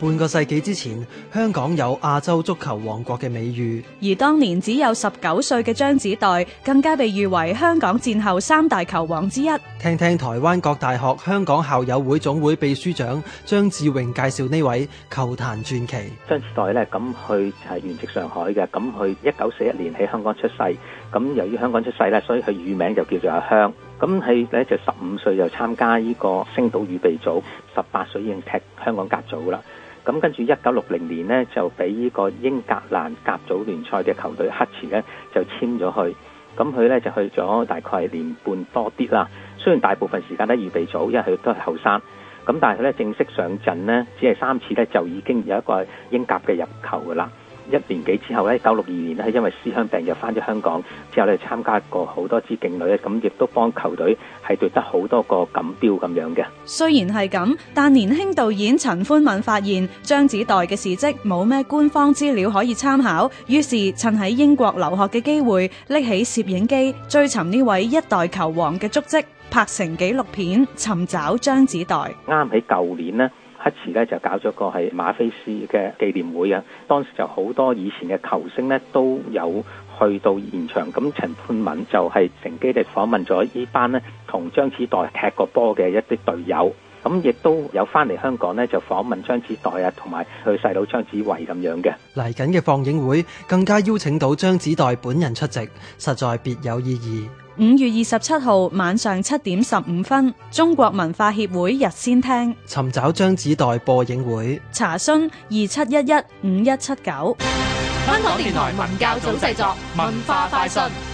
半個世紀之前，香港有亞洲足球王國嘅美譽，而當年只有十九歲嘅張子岱，更加被譽為香港戰後三大球王之一。聽聽台灣各大學香港校友會總會秘書長張志榮介紹呢位球壇傳奇。張子岱呢，咁佢係原籍上海嘅，咁佢一九四一年喺香港出世，咁由於香港出世咧，所以佢乳名就叫做阿香。咁佢咧就十五歲就參加呢個星島預備組，十八歲已經踢香港甲組啦。咁跟住一九六零年呢，就俾呢個英格蘭甲組聯賽嘅球隊黑池呢，就簽咗去。咁佢呢，就去咗大概年半多啲啦。雖然大部分時間都係預備組，因為佢都係後生。咁但係佢呢正式上陣呢，只係三次呢，就已經有一個英甲嘅入球噶啦。一年幾之後咧，九六二年咧，係因為思鄉病入翻咗香港，之後咧參加過好多支勁旅，咁亦都幫球隊係奪得好多個錦標咁樣嘅。雖然係咁，但年輕導演陳歡敏發現張子岱嘅事迹冇咩官方資料可以參考，於是趁喺英國留學嘅機會，拎起攝影機追尋呢位一代球王嘅足跡，拍成紀錄片尋找張子岱。啱喺舊年呢。黑池咧就搞咗個係馬菲斯嘅紀念會啊，當時就好多以前嘅球星呢都有去到現場，咁陳冠敏就係乘機地訪問咗呢班呢同張子岱踢過波嘅一啲隊友。咁亦都有翻嚟香港呢，就訪問張子岱啊，同埋佢細佬張子維咁樣嘅。嚟緊嘅放映會更加邀請到張子岱本人出席，實在別有意義。五月二十七號晚上七點十五分，中國文化協會逸仙廳尋找張子岱播映會，查詢二七一一五一七九。香港電台文教組製作，文化快訊。